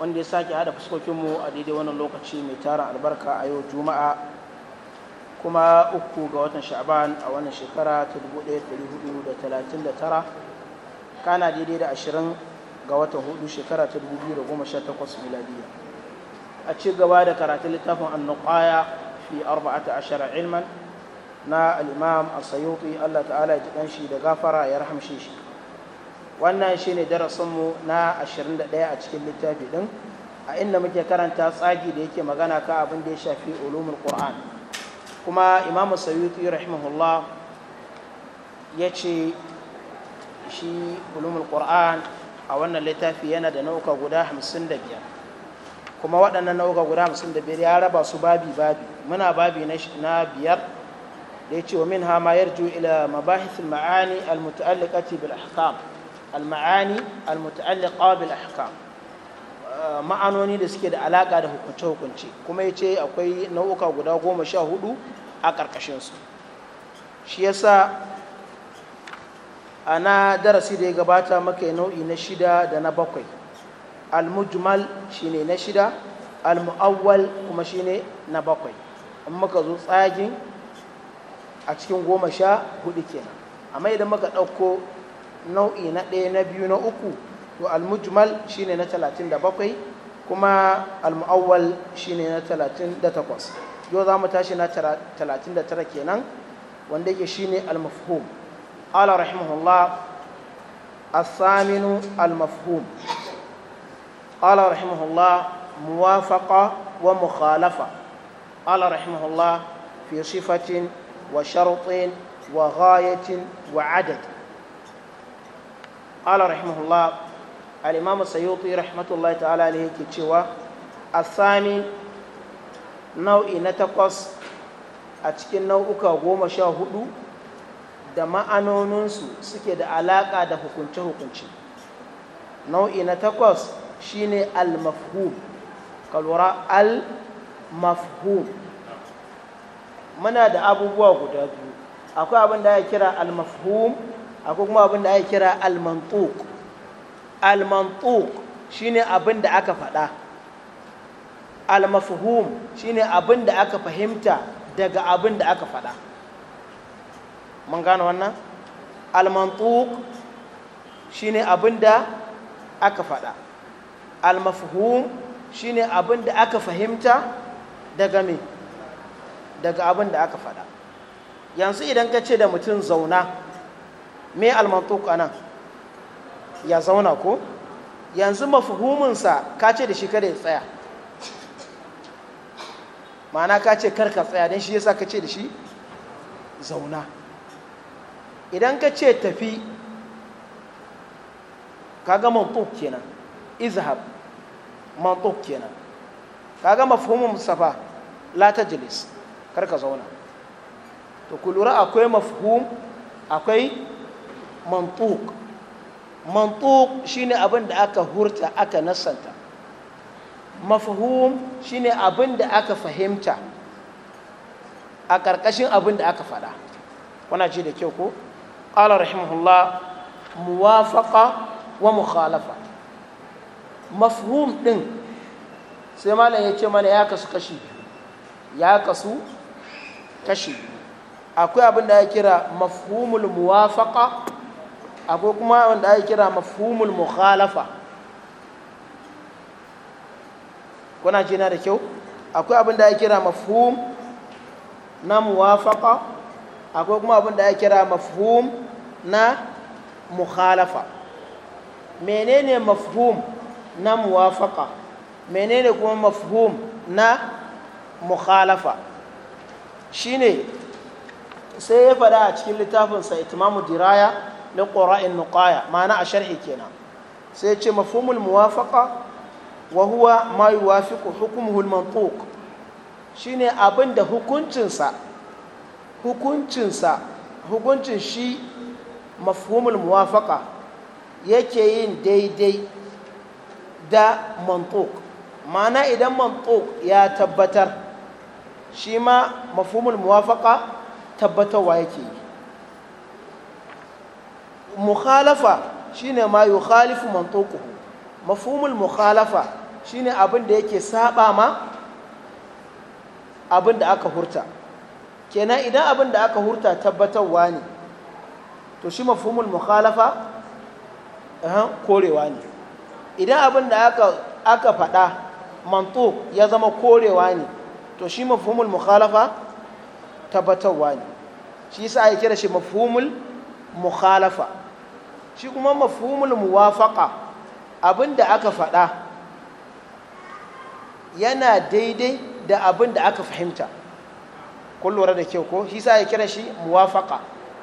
wanda ya sake hada fuskokinmu a daidai wannan lokaci mai tarin albarka a yau juma'a kuma uku ga watan sha'ban a wannan shekara ta 1439 kana daidai da 20 ga watan hudu shekara ta 2018 miladiya a ci gaba da karatun littafin annuqaya fi 14 ilman na al'imam a sayuti allah ta'ala ya ji shi da gafara ya rahamshe shi wannan shine darasinmu na 21 a cikin littafi din a inda muke karanta tsagi da yake magana ka abin da ya shafi ulumul qur'an kuma imamu sayyuti rahimahullah ya ce shi ulumul qur'an a wannan littafi yana da nau'uka guda 55 kuma waɗannan nau'uka guda 55 ya raba su babi babi muna babi na biyar da ya ce wa min ha ma yarju ila mabahithul ma'ani al-muta'alliqati bil ahkam al-ma'ani al-muta'alliqa bil ahkam ma'anoni da suke da alaka da hukunce hukunce kuma yace akwai nau'uka guda goma sha hudu a karkashin su shi yasa ana darasi da ya gabata maka nau'i na shida da na bakwai al-mujmal shine na shida al-mu'awwal kuma shine na bakwai in muka zo tsagin a cikin goma sha hudu kenan amma idan muka ɗauko nau'i na ɗaya na biyu na uku to almujmal shine na bakwai kuma almu'awwal shine na 38 yau za mu tashi na tara kenan wanda yake shine almafhum ala rahimahullah الثامن المفهوم قال wa الله موافقة ومخالفة قال رحمه wa في wa وشرط wa وعدد قال رحمه الله الإمام السيوطي رحمة الله تعالى عليه na الثاني نوع cikin nau'uka goma sha شاهدوا da ma'anoninsu suke da alaƙa da hukunce-hukunce nau'i na takwas shine al-mafhum ka al-mafhum muna da abubuwa guda biyu akwai abin da ake kira al-mafhum akwai kuma abin da ake kira almantuk almantuk shine abin da aka faɗa shi shine abin da aka fahimta daga abin da aka faɗa mun gane wannan almantuk shine abin da aka faɗa shi shine abin da aka fahimta daga me daga abin da aka faɗa yanzu idan ka ce da mutum zauna me almantuk a nan ya zauna ko yanzu mafuhuminsa ka ce da shi kada ya tsaya ma'ana ka ce karka tsaya don shi yasa ka ce da shi zauna idan ka ce tafi ka ga mantuk kenan izhab mantuk kenan ka ga mafhumin safa la jilis karka zauna to ku lura akwai mafuhum akwai mantuk mantuk shine abin da aka hurta aka nasanta mafhum shine abin da aka fahimta a ƙarƙashin abin da aka faɗa wana ce da kyau ko ƙala rahimahullah muwafaqa wa mukhalafa mafhum ɗin sai malam ya ce mana ya kasu kashi ya kasu kashi akwai abin da ya kira mafhumul muwafaqa akwai kuma wanda ake kira mafhumul mukhalafa kuna jina da kyau akwai abin da ake kira mafhum na muwafaqa akwai kuma abin da ake kira mafhum na mukhalafa menene mafhum na muwafaqa menene kuma mafhum na mukhalafa shine sai ya fada a cikin littafinsa itimamu diraya li qura'in nuqaya ma'ana a sharhi kenan sai ce mafhumul muwafaqa wa huwa ma yuwafiqu hukmuhu mantuq shine abin da hukuncinsa hukuncinsa hukuncin shi mafhumul muwafaqa yake yin daidai da mantuq ma'ana idan mantuq ya tabbatar shi ma mafhumul tabbatarwa yake yi mukhalafa shine ma yukhalifu mantuquhu mafhumul mukhalafa shine abin da yake saba ma abin da aka hurta kenan idan abin da aka hurta tabbatarwa ne to shi mafhumul mukhalafa korewa ne idan abin da aka aka faɗa mantuk ya zama korewa ne to shi mafhumul mukhalafa tabbatarwa ne shi yasa ake kira shi mafhumul mukhalafa shi kuma mafhumul muwafaqa abin da aka faɗa yana daidai da abin da aka fahimta kun lura da kyau ko shi sa ya kira shi muwafaqa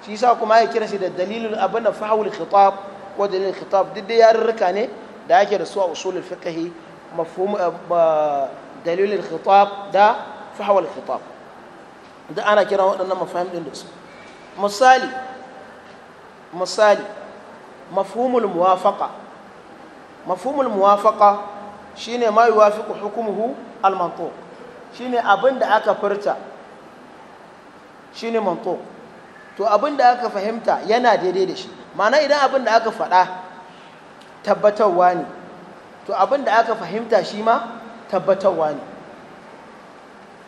shi sa kuma ya kira shi da dalilin abin da fahawul khitab ko dalilin khitab duk da yarurruka ne da ake da su a usulul fiqhi mafhum eh, dalilin khitab da fahawul khitab da ana kira waɗannan mafahim din da su misali misali mafhumul muwafaqa mafhumul muwafaqa shine ma yuwafiqu hukumuhu al mantuq shine abin da aka furta shine mantuq to abin da aka fahimta yana daidai da shi ma'ana idan abin da aka faɗa tabbatarwa ne to abin da aka fahimta shi ma tabbatarwa ne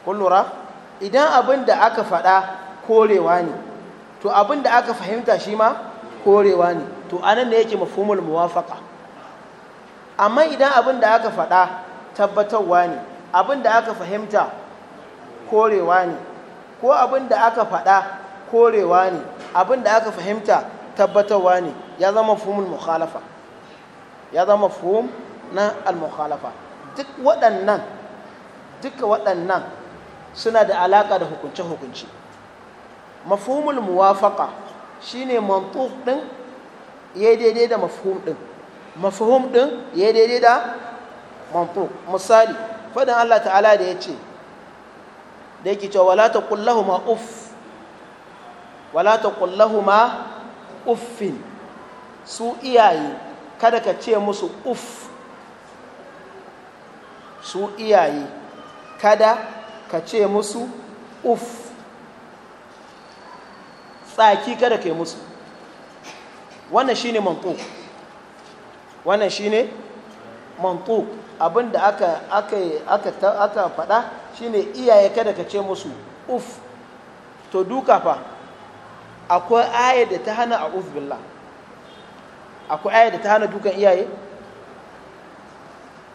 kullura idan abin da aka faɗa korewa ne to abin da aka fahimta shi ma korewa ne to anan ne yake mafhumul muwafaqa amma idan abin da aka faɗa tabbatarwa ne abin da aka fahimta korewa ne ko abin da aka faɗa korewa ne abin da aka fahimta tabbatarwa ne ya zama fumul mukhalafa ya zama mafhum na al-mukhalafa duk waɗannan duka waɗannan suna da alaƙa da hukunce-hukunce mafhumul muwafaqa shine mantuq din yi daidai da mafhum din mafhum din yi daidai da mantuk misali fadin Allah ta'ala da yace da yake cewa wala taqul lahumu uff wala taqul lahumu uffin su iyaye kada ka ce musu uff su iyaye kada ka ce musu uff tsaki kada kai musu wannan shine mantuq wannan shine mantuq abinda aka aka aka aka shine iyaye kada ka ce musu uf to duka fa akwai ayar da ta hana a uf billah akwai ayar da ta hana dukan iyaye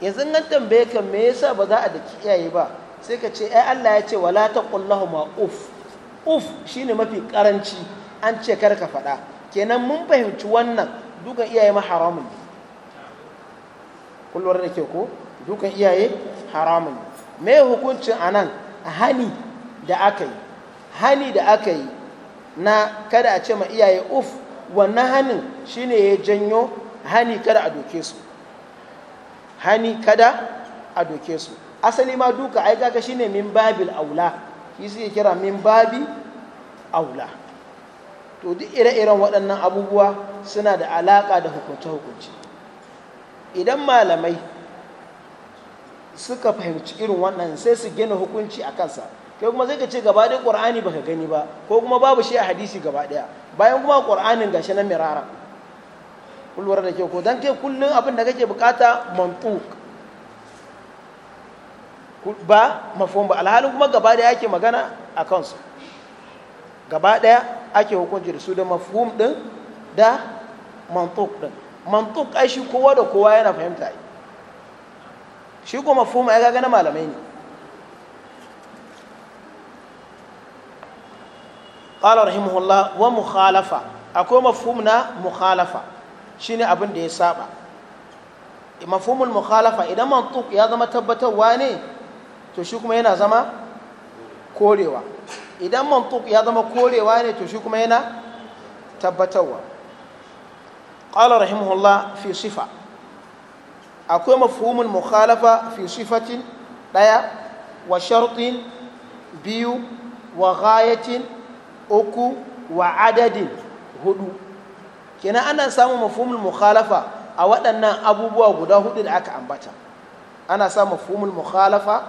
yanzu nan tambaye ka me yasa ba za a daki iyaye ba sai ka ce ai Allah ya ce wala taqullahu ma uf uf shine mafi karanci an ce kar ka faɗa kenan mun fahimci wannan dukan iyaye ma haramun ne kullum da ke ko dukan iyaye haramun ne me hukuncin anan hani da aka yi hani da aka yi na kada a ce ma iyaye uf wannan hanin shine ya janyo hani kada a doke su hani kada a doke su asali ma duka ai kaga shine min babil aula shi suke kira min babi aula to duk ire-iren waɗannan abubuwa suna da alaƙa da hukunce hukunci idan malamai suka fahimci irin wannan sai su gina hukunci a kansa kai kuma zai ka ce gaba ɗaya ƙur'ani baka gani ba ko kuma babu shi a hadisi gaba ɗaya bayan kuma ƙur'anin gashi na mirara kulwar da ke ko dan kai kullum abin da kake bukata mantuk ba mafhum ba alhalin kuma gaba daya ake magana a kansu gaba daya ake hukunci da su da mafhum din da mantuk din mantuk ai shi kowa da kowa yana fahimta shi kuma mafhum ai ga na malamai ne qala rahimahullah wa mukhalafa akwai mafhum na mukhalafa shine abin da ya saba mafhumul mukhalafa idan mantuk ya zama tabbatarwa ne to shi kuma yana zama korewa idan mantuk ya zama korewa ne to shi kuma yana tabbatarwa qala rahimahullah fi sifa akwai mafhumul mukhalafa fi sifatin ɗaya wa shartin biyu wa ghayatin uku wa adadin hudu kenan ana samun mafhumul mukhalafa a waɗannan abubuwa guda hudu da aka ambata ana samun mafhumul mukhalafa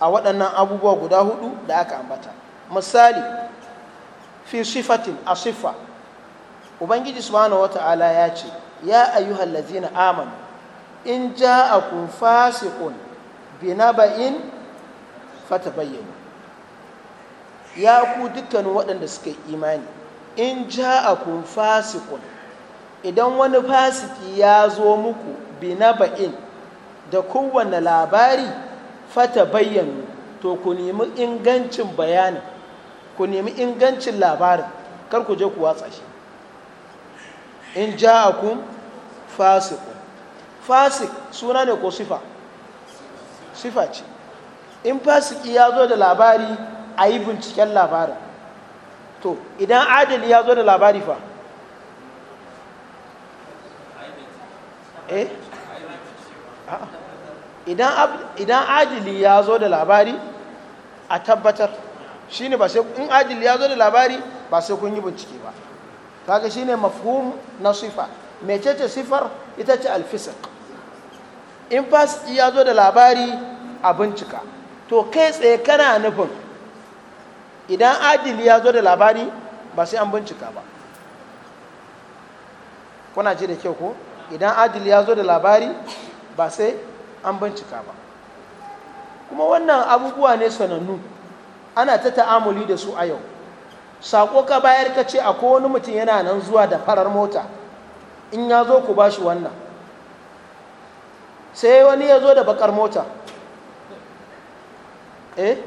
a waɗannan abubuwa guda hudu da aka ambata misali fi sifatin a siffa ubangiji subhanahu wata'ala ya ce ya ayyuhal ladzina amanu in ja'akum fasiqun binaba'in fatabayyanu ya ku dukkanin waɗanda suka yi imani in ja'akum fasiqun idan wani fasiki ya zo muku binaba'in da kowane labari fata bayyanu to ku nemi ingancin bayanin ku nemi ingancin labarin kar ku je ku watsa shi in ja kun? fasiqun fasik suna ne ko sifa sifa ce in fasiki ya zo da labari a yi binciken labarin to idan adali ya zo da labari fa eh a'a idan ajili ya zo da labari a tabbatar shi ne ba sai in adili ya zo da labari ba sai kun yi bincike ba kaga shi ne mafhum na sifa mecece sifar ita ce alfisik in fasiki ya zo da labari a bincika to kai tsaye kana nufin idan adili ya zo da labari ba sai an bincika ba kuna ji da kyau ko idan adili ya zo da labari ba sai an bincika ba kuma wannan abubuwa ne sanannu ana ta ta'amuli da su a yau saƙo ka bayar ka ce a wani mutum yana nan zuwa da farar mota in ya zo ku ba shi wannan sai wani ya zo da bakar mota eh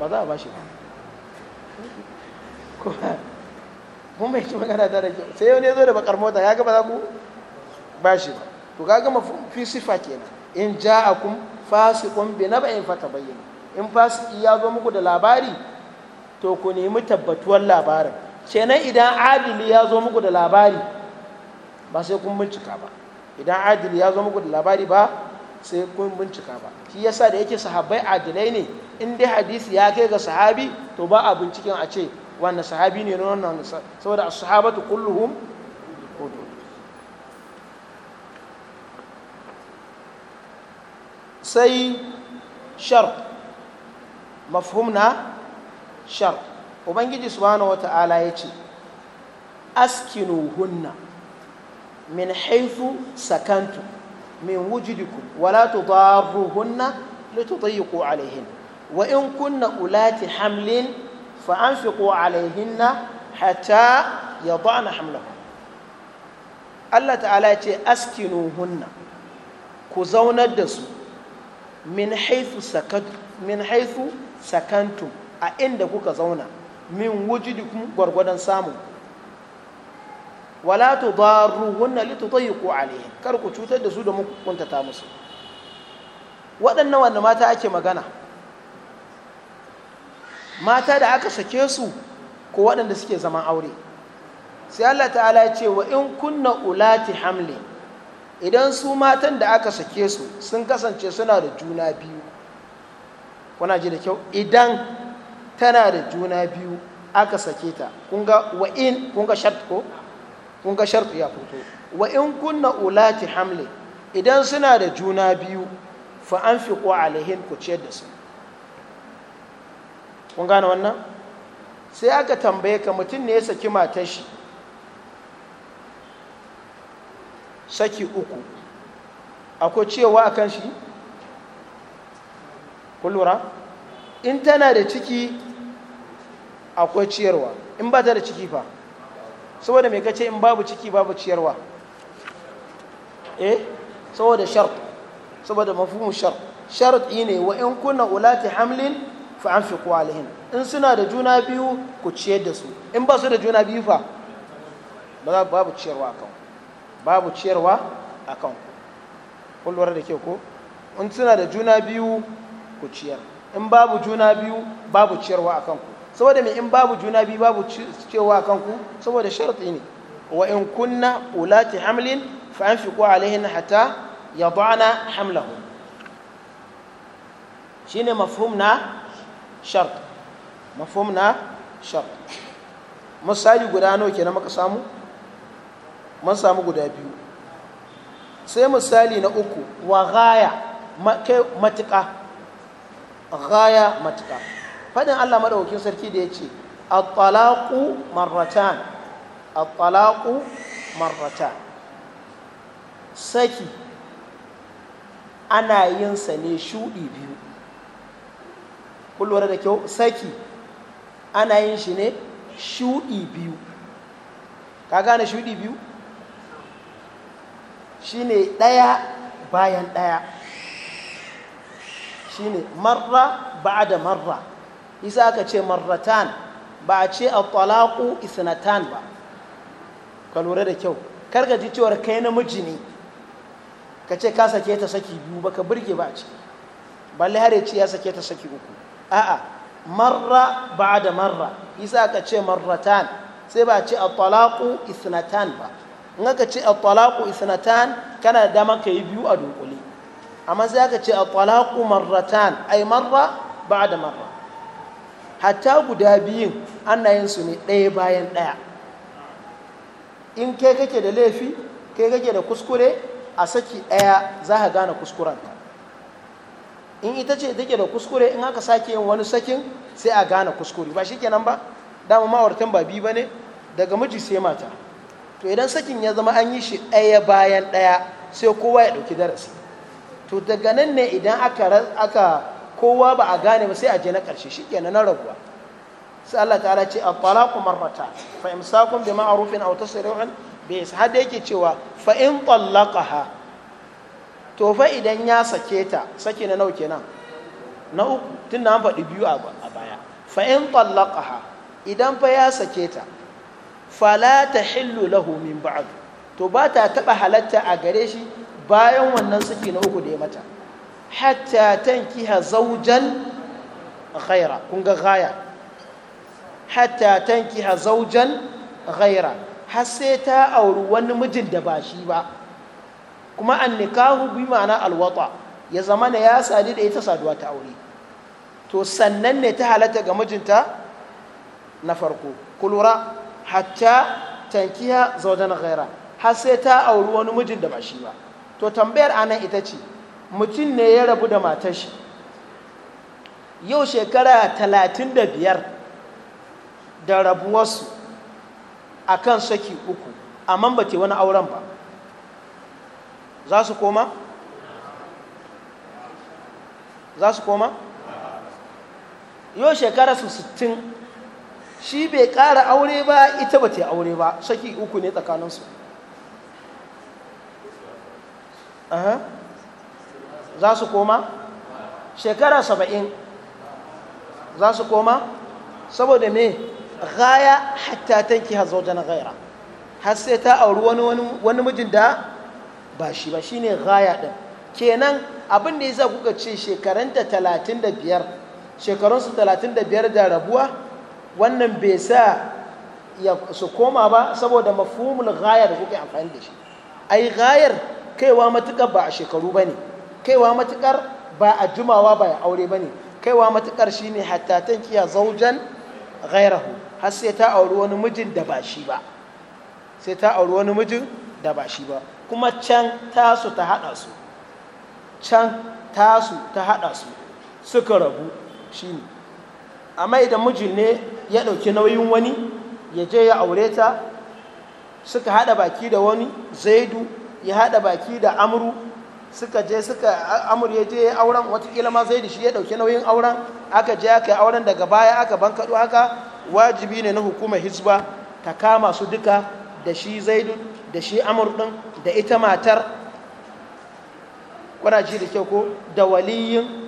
ba za a ba shi ba kuma mai ci magana ta da kyau sai wani ya zo da bakar mota ya gaba za ku ba shi ba to kaga mafi sifa kenan in ja'akum fasiqun bi naba'in fatabayyana in fasiki ya zo muku da labari to ku nemi tabbatuwar labarin kenan idan adili ya zo muku da labari ba sai kun bincika ba idan adili ya zo muku da labari ba sai kun bincika ba shi yasa da yake sahabbai adilai ne in dai hadisi ya kai ga sahabi to ba a binciken a ce wannan sahabi ne na wannan saboda as-sahabatu kulluhum sai shart mafhum na shart ubangiji subhanahu wata'ala ya ce hunna. min haifu sakantu min wujudikum wala hunna litudayyiqu alaihin wa in kunna ulati hamlin fa anfiqu alaihinna hatta yadana hamlakum Allah ta'ala ya ce hunna. ku zaunar da su min haifu sakantu a inda kuka zauna min wujudikum gwargwadon samu wala tudarruhunna ko alaihim kar ku cutar da su da muku kuntata musu waɗannan wanda mata ake magana mata da aka sake su ko waɗanda suke zaman aure sai Allah ta'ala ce wa in kunna ulati hamlin idan su matan da aka sake su sun kasance suna da juna biyu kuna ji da kyau idan tana da juna biyu aka sake ta kunga wa'in kunga shart ko kunga shart ya fito wa'in kunna ulati hamle idan suna da juna biyu fa an fi ko alihin ku ciyar da su kun gane wannan sai aka tambaye ka mutum ne ya saki matar shi saki uku akwai cewa a kan shi kullura in tana da ciki akwai ciyarwa in ba ta da ciki fa saboda mai kace in babu ciki babu ciyarwa eh saboda shart saboda mafhumu shart shart ne wa in kunna ulati hamlin fa anfiqu alaihin in suna da juna biyu ku ciyar da su in ba su da juna biyu fa ba babu ciyarwa kan babu ciyarwa a kan ku kulwar da ke ko in suna da juna biyu ku ciyar in babu juna biyu babu ciyarwa a kanku saboda mai in babu juna biyu babu ciyarwa a kanku saboda sharti ne wa in kunna ulati hamlin fa anfiqu alaihin hatta yad'ana Shi ne mafhum na shart mafhum na shart misali guda nawa kenan muka samu mun samu guda biyu sai misali na uku wa gaya matuƙa gaya matuƙa faɗin allah maɗaukin sarki da ya ce a tsalaƙu marratan a tsalaƙu marratan saki ana yin sa ne shuɗi biyu kullum da kyau saki ana yin shi ne shuɗi biyu ka gane shuɗi biyu shine ɗaya bayan ɗaya shine marra da marra isa aka ce marratan ba a ce a talaku isnatan ba ka lura da kyau karka ji cewar kai namiji ne ka ce ka sake ta saki biyu ba ka burge ba a ciki balle har ya ce ya sake ta saki uku a'a marra da marra isa aka ce marratan sai ba a ce a talaku isnatan ba in aka ce a isnatan kana da dama ka yi biyu a dunkule amma sai aka ce a talaqu marratan ai marra da marra hatta guda biyun ana yin su ne ɗaya bayan ɗaya in kai kake da laifi kai kake da kuskure a saki ɗaya za ka gane kuskurenta in ita ce take da kuskure in aka sake yin wani sakin sai a gane kuskure ba shi kenan ba dama ma'auratan ba biyu ba ne daga miji sai mata to idan sakin ya zama an yi shi ɗaya bayan ɗaya sai kowa ya ɗauki darasi to daga nan ne idan aka kowa ba a gane ba sai a je na ƙarshe shi kenan na rabuwa sai Allah ta'ala ce a talaqu marrata fa imsakun bi ma'rufin aw tasrihun bi ishad yake cewa fa in talaqaha to fa idan ya sake ta sake na nau kenan na uku tunda an faɗi biyu a baya fa in talaqaha idan fa ya sake ta fala ta lahu min ba'd to ba ta taba halatta a gare shi bayan wannan suke na uku da ya mata hatta tankiha zawjan ghaira kun ga ghaya hatta tankiha zawjan ghaira har sai ta auri wani mijin da ba shi ba kuma an nikahu bi ma'ana alwata ya zama ne ya sadu da ita saduwa ta aure to sannan ne ta halatta ga mijinta na farko kulura hatta tankiya zaujan ghaira har sai ta auri wani mijin da ba shi ba to tambayar anan ita ce mutum ne ya rabu da matar shi yau shekara talatin da biyar da rabuwarsu a kan saki uku amma ba te wani auren ba za su koma? za su koma? yau shekara su sittin shi bai ƙara aure ba ita ba ta aure ba saki uku ne tsakaninsu za su koma shekara saba'in za su koma saboda me gaya hatta tanki hazo na gaira har sai ta auri wani mijin da ba shi ba shine gaya ɗin. kenan abin da yasa kuka ce shekaranta talatin da biyar shekarunsu talatin da biyar da rabuwa wannan bai sa su koma ba saboda mafhumul gayar da kuke amfani da shi ai ghayar kaiwa matukar ba a shekaru bane kaiwa matukar ba a jumawa ba ya aure bane kaiwa matukar shine hattatan kiya zaujan gairahu. har sai ta auri wani mijin da ba shi ba sai ta auri wani mijin da ba shi ba kuma can tasu ta hada su can tasu ta hada su suka rabu shi ne. amma idan mijin ne ya ɗauki nauyin wani ya je ya aure ta suka haɗa baki da wani zaidu ya haɗa baki da amuru suka je suka amur ya je auren watakila ma zaidu shi ya ɗauki nauyin auren aka je aka yi auren daga baya aka bankaɗo haka wajibi ne na hukumar hisba ta kama su duka da shi zaidu da shi amur ɗin da ita matar kuna ji da kyau ko da waliyin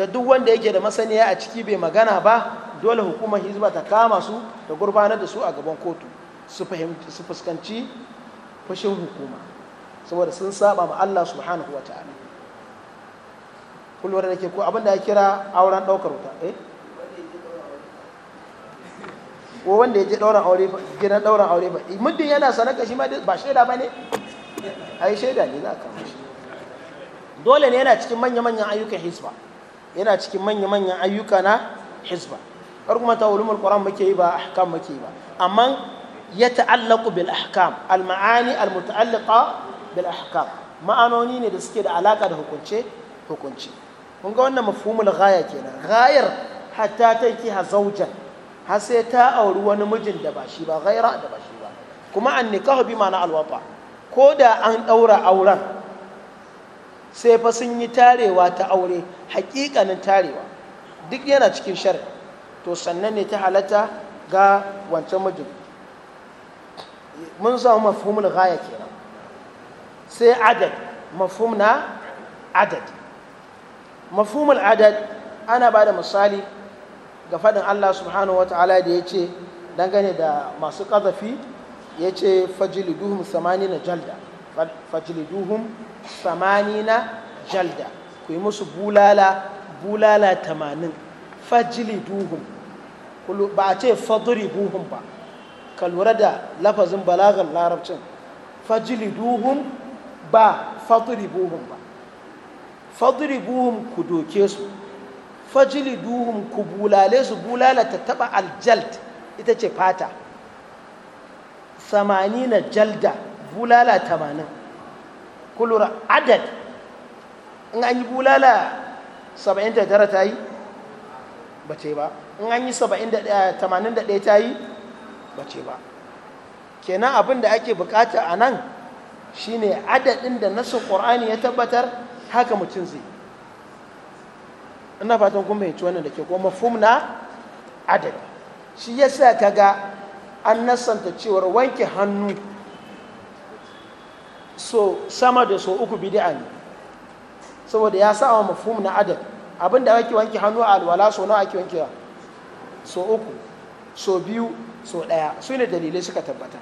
da duk wanda yake da masaniya a ciki bai magana ba dole hukumar hizba ta kama su da gurfanar da su a gaban kotu su fuskanci fushin hukuma saboda sun saba ma Allah subhanahu wa ta'ala kullum da ke ko abin da ya kira auren ɗaukar wuta eh ko wanda ya je ɗauran aure ba gidan aure ba muddin yana sanaka shi ma ba shaida ba ne ai shaida ne za a kama dole ne yana cikin manya-manyan ayyukan hisba yana cikin manya-manyan ayyuka na hizba kar kuma ta ulumul qur'an muke yi ba ahkam muke yi ba amma ya ta'allaqu bil ahkam al ma'ani al muta'alliqa bil ahkam ma'anoni ne da suke da alaka da hukunce hukunce kun ga wannan mafhumul ghaya kenan ghayar hatta ha zawjan har sai ta auri wani mijin da ba shi ba ghaira da ba shi ba kuma an nikahu bi ma'ana al wata ko da an daura auren sai fa sun yi tarewa ta aure hakikanin tarewa duk yana cikin shari'a to sannan ne ta halatta ga wancan mijin mun zama mafhumul gaya kenan sai adad mafhum na adad mafhumul adad ana ba da misali ga faɗin Allah subhanahu wa ta'ala da ya ce dangane da masu ƙazafi ya ce fajiliduhum samani na jalda fajliduhum samanina jalda ku yi musu bulala bulala tamanin fajliduhum ba a ce fadribuhum ba ka lura da lafazin balagar larabcin fajliduhum ba fadribuhum ba fadribuhum ku doke su fajliduhum ku bulale su bulala ta taba aljalt ita ce fata samanina jalda bulala tamanin kulura adad in an yi bulala saba'in da tara ta yi ba ce ba in an yi eh, tamanin da ɗaya ta yi ba ce ba kenan abin da ake bukata a nan shine adadin da nasu ƙorani ya tabbatar haka mutum zai ina fatan kun fahimci wannan da ke ko mafhum na adad shi yasa kaga an nasanta cewar wanke hannu so sama da so uku bidi'a ne saboda ya sa wa mafhum na adad abin da ake wanke hannu a alwala so nawa ake wankewa so uku so biyu so ɗaya su ne dalilai suka tabbata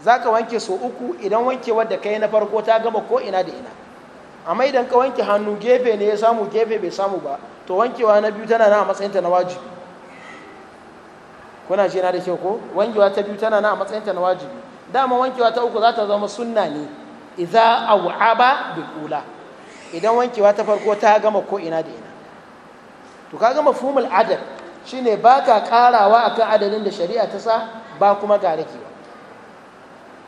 za ka wanke so uku idan wanke wadda ka yi na farko ta gama ko ina da ina amma idan ka wanke hannu gefe ne ya samu gefe bai samu ba to wankewa na biyu tana na a matsayinta na wajibi kuna shi na da kyau ko wankewa ta biyu tana na a matsayinta na wajibi dama wankewa ta uku za ta zama sunna ne idza aw'aba bi idan wankewa ta farko ta gama ko ina da ina to kaga mafhumul adad shine baka karawa akan adadin da shari'a ta sa ba kuma ga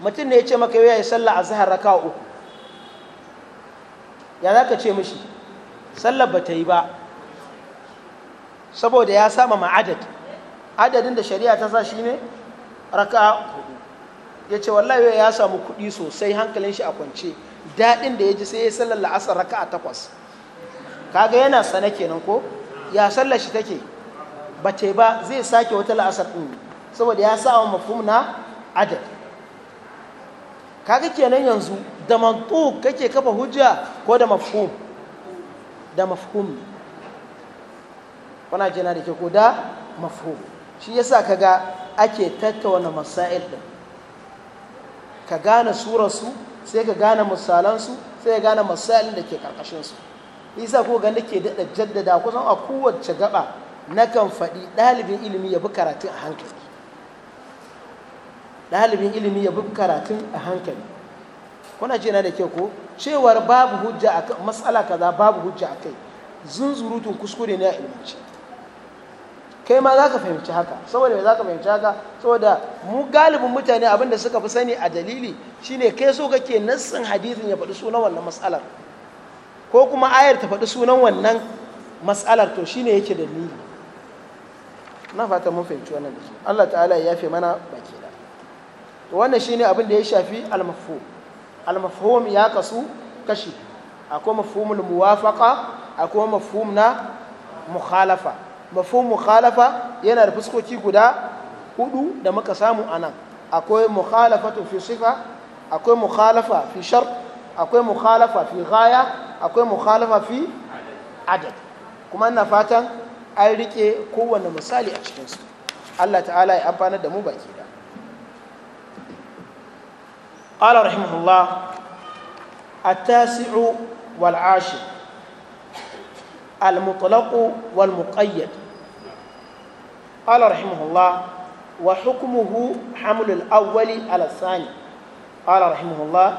mutum ne ya ce maka ya yi sallah azhar raka uku ya za ka ce mishi Sallah ba ta yi ba saboda ya sama ma'adad adadin da shari'a ta sa shine raka ya ce wallahi ya samu kuɗi sosai hankalin shi a kwance daɗin da ya ji sai ya sallar la'asar raka a takwas kaga yana sana kenan ko ya sallar shi take ba ce ba zai sake wata la'asar ɗin saboda ya sa mafhum na adad kaga kenan yanzu da mantu kake kafa hujja ko da mafhum da mafhum kuna jina da ke ko da mafhum shi yasa kaga ake tattauna masail din ka gane surarsu sai ka gane misalansu sai ka gane misalin da ke karkashinsu isa ko ganda ke daɗa jaddada kusan a kowace gaba na kan faɗi ɗalibin ilimi ya bi karatun a hankali ɗalibin ilimi ya bi karatun a hankali kuna ce na da ke ko cewar babu hujja a matsala kaza babu hujja a kai zunzurutun kuskure ne a ilimance kai ma za ka fahimci haka saboda me za ka fahimci haka saboda mu galibin mutane abinda suka fi sani a dalili shine kai so kake nassin hadisin ya faɗi sunan wannan matsalar ko kuma ayar ta faɗi sunan wannan matsalar to shine yake dalili na fata mun fahimci wannan da Allah ta'ala ya yafe mana baki da to wannan shine abin da ya shafi al-mafhum al-mafhum ya kasu kashi akwai mafhumul muwafaqa akwai mafhum na mukhalafa mafhum mukhalafa yana da fuskoki guda hudu da muka samu nan akwai mukhalafatu fi sifa akwai mukhalafa fi shar akwai mukhalafa fi ghaya akwai mukhalafa fi adad kuma ina fatan an rike kowanne misali a cikinsu Allah ta'ala ya amfanar da mu baki da قال rahimahullah الله wal والعاشر المطلق والمقيد قال رحمه الله وحكمه حمل الأول على الثاني قال رحمه الله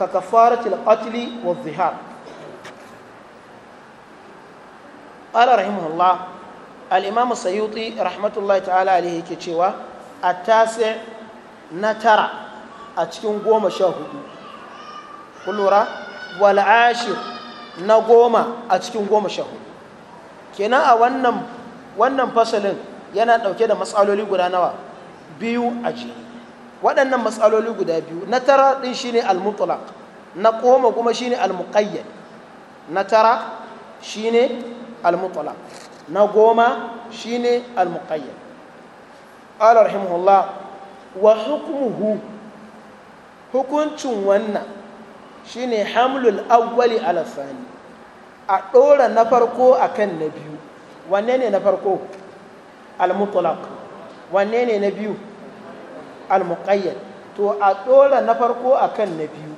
ككفارة القتل والظهار قال رحمه الله الإمام السيوطي رحمة الله تعالى عليه كتشوى التاسع نترى أتكون قوم شاهدوا قلوا ولا والعاشر na goma a cikin goma sha hudu kenan a wannan wannan fasalin yana ɗauke da matsaloli guda nawa biyu a jini waɗannan matsaloli guda biyu na tara ɗin shine al-mutlaq na goma kuma shine al-muqayyad na tara shine al-mutlaq na goma shine al-muqayyad qala rahimahullah wa hukumuhu hukuncin wannan shine hamlul awwali ala sani a ɗora na farko akan na biyu wanne ne na farko al-mutlaq wanne ne na biyu al-muqayyad to a ɗora na farko akan na biyu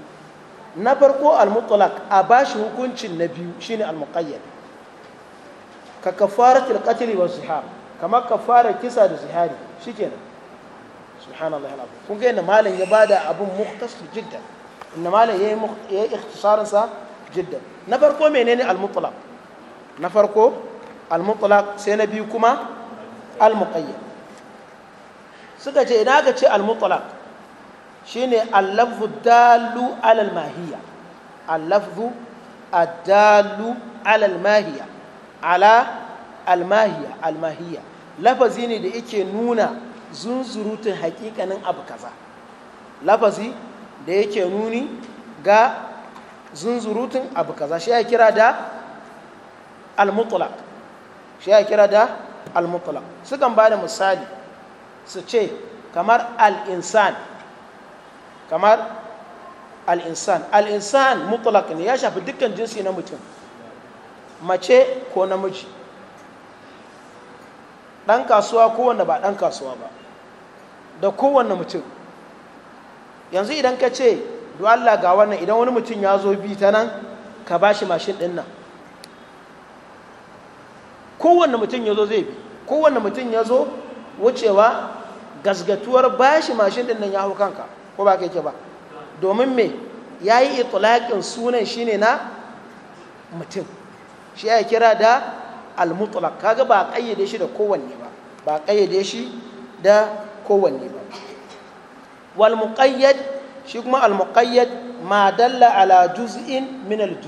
na farko al-mutlaq a bashi hukuncin na biyu shi ne al-muqayyad ka kafaratul qatl wa sihar kamar kafarar kisa da zihari shikenan subhanallahi alazim kun ga yadda malam ya bada abun muhtasib jiddan inda malam ya yi ikhtisarinsa jiddan na farko menene al-mutlaq na farko al-mutlaq sai na biyu kuma al-muqayyad suka ce ina aka ce al-mutlaq shine al-lafzu dalu ala al-mahiyya al-lafzu ad-dalu ala al-mahiyya ala al-mahiyya al-mahiyya lafazi ne da yake nuna zunzurutun hakikanin abu kaza lafazi da yake nuni ga zunzurutun abu kaza shi ya kira da al shi ya kira da al sukan ba da misali su ce kamar al-insan kamar al-insan al-insan ne ya shafi dukkan jinsi na mutum mace ko namiji ɗan kasuwa kowanne ba ɗan kasuwa ba da kowanne mutum yanzu idan ka ce do Allah ga wannan idan wani mutum ya zo bi ta nan ka ba shi mashin ɗin nan kowanne mutum ya zo zai bi kowanne mutum ya zo wucewa gasgatuwar ba shi mashin ɗin nan ya hau kanka ko ba ka ba domin me ya yi itulaƙin sunan shi ne na mutum shi ya kira da almutulak kaga ba a ƙayyade shi da kowanne ba ba a ƙayyade shi da kowanne ba wal muqayyad shi kuma ma dalla ala juz'in min al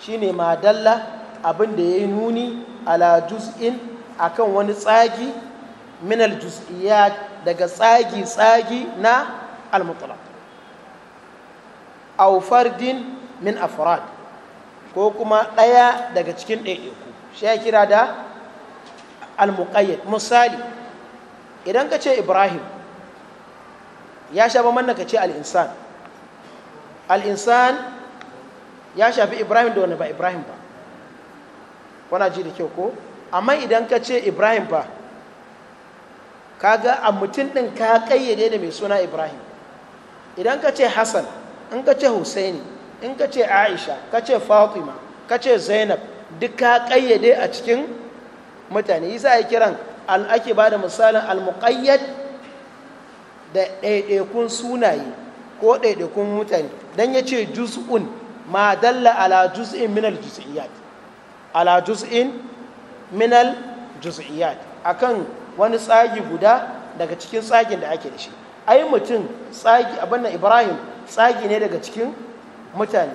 shine ma dalla abin da yayi nuni ala juz'in akan wani tsagi min al daga tsagi tsagi na al mutlaq aw min afrad ko kuma ɗaya daga cikin ɗaiɗaiku shi ya kira da al misali idan ka ce ibrahim ya sha ba manna ka ce al'insan al'insan ya shafi ibrahim da wani ba ibrahim ba wana ji da kyau ko amma idan ka ce ibrahim ba kaga a mutum ɗin ka ƙayyade da mai suna ibrahim idan ka ce hassan in ka ce husaini in ka ce aisha ka ce fatima ka ce zainab duk ka ƙayyade a cikin mutane yi za a kiran ake ba da misalin al-muqayyad da ɗaiɗaikun sunaye ko ɗaiɗaikun mutane don ya ce jus'un ma dalla ala Jus'in minal Jus'iyat. ala Jus'in minal Jus'iyat akan wani tsagi guda daga cikin tsagin da ake da shi ai mutum tsagi abin ibrahim tsagi ne daga cikin mutane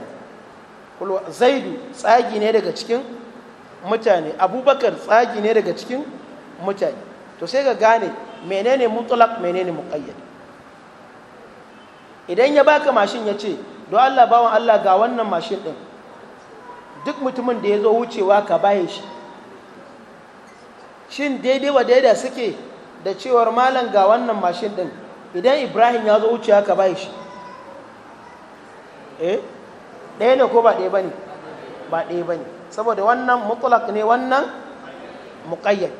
zaidu tsagi ne daga cikin mutane abubakar tsagi ne daga cikin mutane to sai ka gane menene mutlaq menene muqayyad idan ya baka mashin ya ce don Allah bawan Allah ga wannan mashin ɗin duk mutumin da ya zo wucewa ka baye shi shin daidai wa daida suke da cewar malam ga wannan mashin ɗin idan ibrahim ya zo wucewa ka baye shi eh ɗaya ne ko ba ɗaya ba ne ba ɗaya ba ne saboda wannan mutlak ne wannan muƙayyad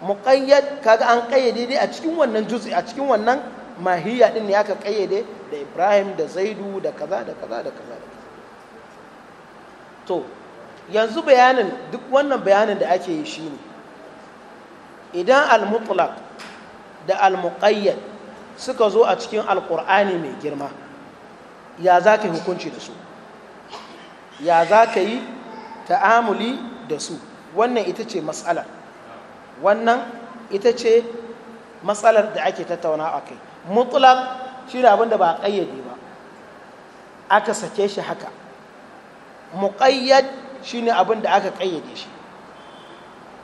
muƙayyad kaga an ƙayyade dai a cikin wannan jutsi a cikin wannan mahiya din ne aka kayyade da ibrahim da zaidu da kaza da kaza da kaza to yanzu bayanin duk wannan bayanin da ake yi shi ne idan al-mutlaq da al-muqayyad suka zo a cikin alkur'ani mai girma ya za ka yi hukunci da su ya za ka yi ta'amuli da su wannan ita ce matsalar wannan ita ce matsalar da ake tattauna a kai mutlaq shi ne abinda da ba a ƙayyade ba aka sake shi haka muƙayyad shi ne abinda da aka ƙayyade shi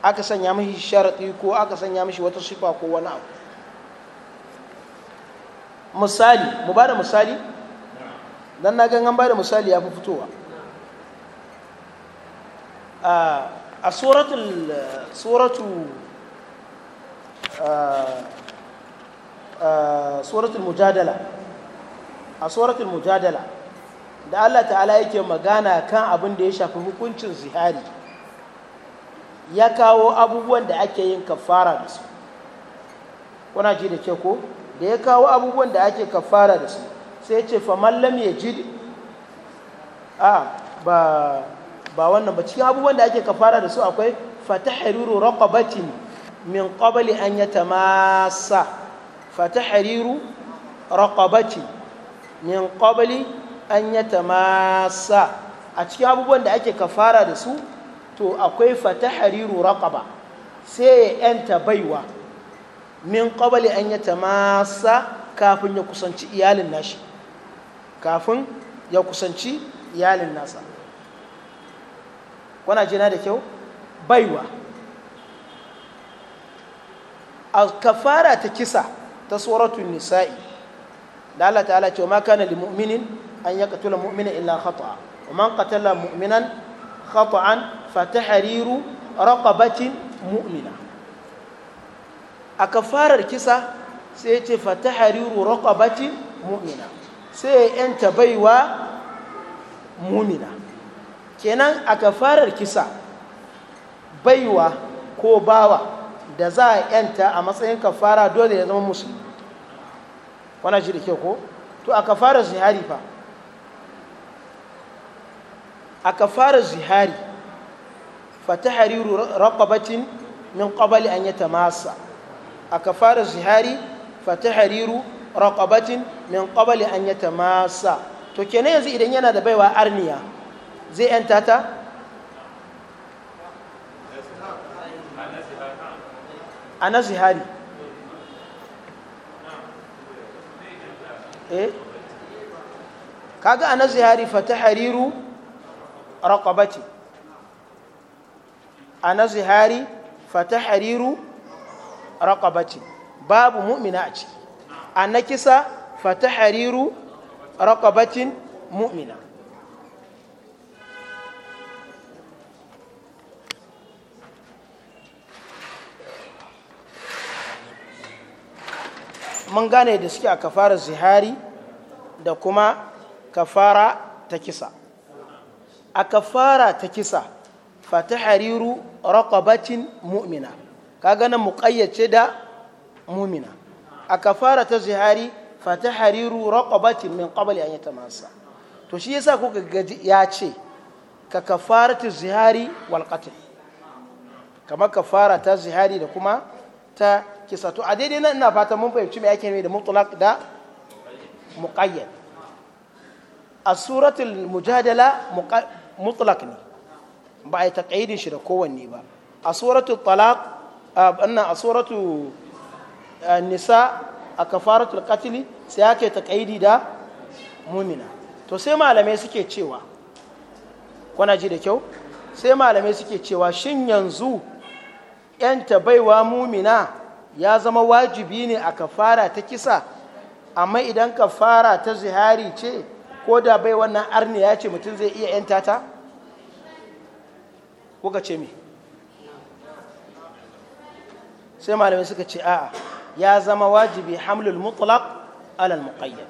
aka sanya mashi sharaɗi ko aka sanya mashi wata sifa ko wani abu misali mu ba da misali don na gangan ba da misali ya fi fitowa a suratul suratu suratul mujadala a suratul mujadala da Allah ta'ala yake magana kan abin da ya shafi hukuncin zihari ya kawo abubuwan da ake yin kafara da su kuna ji da ke ko da ya kawo abubuwan da ake kafara da su sai ce faman lam ya ji a ba ba wannan ba cikin abubuwan da ake kafara da su akwai fatahriru raqabatin min qabli an yatamassa fatahriru raqabati min qabli an yatamassa a cikin abubuwan da ake kafara da su to akwai fatahriru raqaba sai ya yanta baiwa min qabli an yatamassa kafin ya kusanci iyalin nashi kafin ya kusanci iyalin nasa kuna jina da kyau baiwa a kafara ta kisa ta suratun nisa'i da Allah ta'ala ce ma kana lil mu'minin an yaqtula mu'mina illa khata'a wa man qatala mu'minan khata'an fa tahriru raqabatin mu'mina a kafarar kisa sai ya ce fa tahriru raqabatin mu'mina sai ya yanta baiwa mumina kenan a kafarar kisa baiwa ko bawa da za a yanta a matsayin kafara dole ya zama musulmi wana shi da ke ko to a kafara zihari fa a kafara zihari fata hariru raƙabatin min kwabali an yata masa a kafara zihari fata hariru raƙabatin min kwabali an yata masa to kenan yanzu idan yana da baiwa arniya zai yanta ta a na zihari eh kaga a na fata hariru raƙabati a na zihari fata hariru raƙabati babu mu'mina a ciki a na kisa fata hariru raƙabatin mu'mina mun gane da suke a kafara zihari da kuma kafara ta kisa a kafara ta kisa fata hariru raqabatin mu'mina kaga nan muƙayyace da mu'mina a kafara ta zihari fata hariru raqabatin min qabli an yatamassa to shi yasa kuka gaji ya ce ka ta zihari wal kamar kafara ta zihari da kuma ta kisa a daidai na ina fata mun fahimci me ake da mutlaq da muqayyad a suratul mujadala mutlaq ne ba a yi taƙaidin shi da kowanne ba a suratul talaq anna a suratul nisa a kafaratul qatl sai ake taƙaidi da mumina to sai malamai suke cewa kuna ji da kyau sai malamai suke cewa shin yanzu yanta baiwa mumina ya zama wajibi ne a kafara ta kisa amma idan kafara ta zihari ce ko da bai wannan arniya ce mutum zai iya yanta ta kuka ce me sai malamai suka ce a'a ya zama wajibi hamlul mutlaq alal muqayyad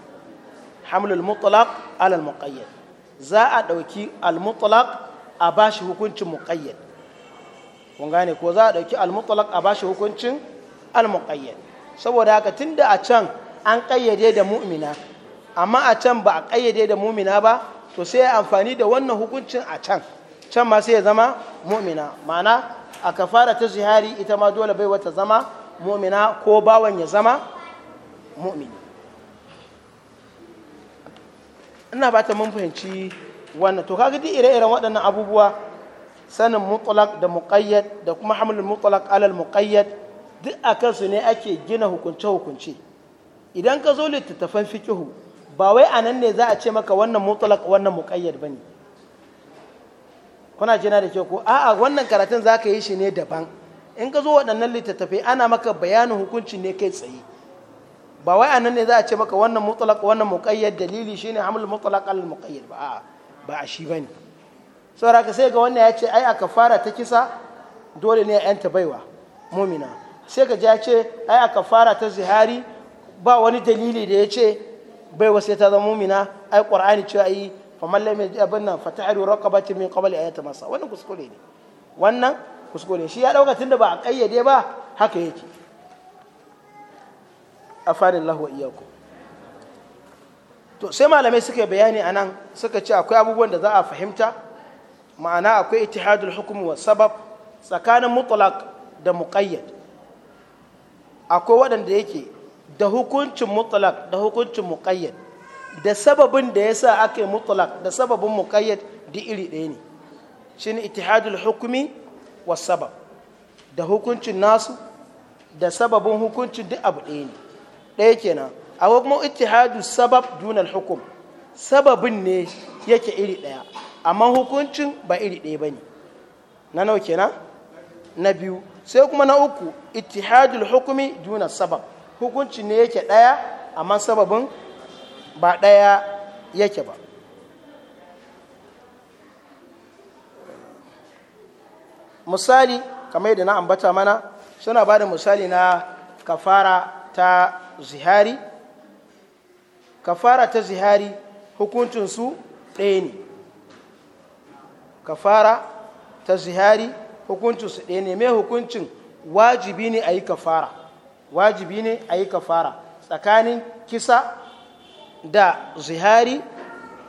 hamlul mutlaq alal muqayyad za a ɗauki al mutlaq a bashi hukuncin muqayyad kun gane ko za a ɗauki almutalak a bashi hukuncin almuqayyad saboda haka tunda a can an ƙayyade da mu'mina amma a can ba a ƙayyade da mu'mina ba to sai ya amfani da wannan hukuncin a can can ma sai ya zama mu'mina ma'ana a kafara ta zihari ita ma dole bai wata zama mu'mina ko bawan ya zama mu'mini ina ba ta mun fahimci wannan to kaga duk ire-iren waɗannan abubuwa sanin mutlaq da muqayyad da kuma hamlul mutlaq alal muqayyad duk akan su ne ake gina hukunce hukunce idan ka zo littattafan fikihu ba wai a nan ne za a ce maka wannan mutlaq wannan muqayyad bane kuna jina da ke ko a'a wannan karatun za ka yi shi ne daban in ka zo waɗannan littattafai ana maka bayanin hukunci ne kai tsaye ba wai a nan ne za a ce maka wannan mutlaq wannan muqayyad dalili shine hamlul mutlaq alal muqayyad ba a'a ba a shi bane saboda sai ga wannan ya ce ai a kafara ta kisa dole ne a yanta baiwa mumina sai ka ya ce ai a kafara ta zihari ba wani dalili da ya ce baiwa sai ta zama mumina ai qur'ani ce ai faman lam abin nan fata'aru raqabati min qabli ayati masa wannan kuskure ne wannan kuskure shi ya dauka tunda ba a kayyade ba haka yake afanillahu wa iyyakum to sai malamai suka bayani anan suka ce akwai abubuwan da za a fahimta ma'ana akwai itihadul hukum wa sabab tsakanin mutlaq da muqayyad akwai waɗanda yake da hukuncin mutlaq da hukuncin muqayyad da sababin da yasa aka yi mutlaq da sababin muqayyad di iri ɗaya ne shine itihadul hukumi wa sabab da hukuncin nasu da sababin hukuncin duk abu ɗaya ne ɗaya kenan akwai kuma itihadul sabab dunal hukum sababin ne yake iri ɗaya amma hukuncin ba iri ɗaya ba ne na nau kenan na biyu sai kuma na uku ittihadul hukumi duna sabab hukunci ne yake ɗaya amma sababin ba ɗaya yake ba misali kamar yadda na ambata mana suna ba da misali na kafara ta zihari kafara ta zihari hukuncinsu ɗaya ne kafara ta zihari hukuncin su ɗaya ne mai hukuncin wajibi ne a yi kafara wajibi ne a yi kafara tsakanin kisa da zihari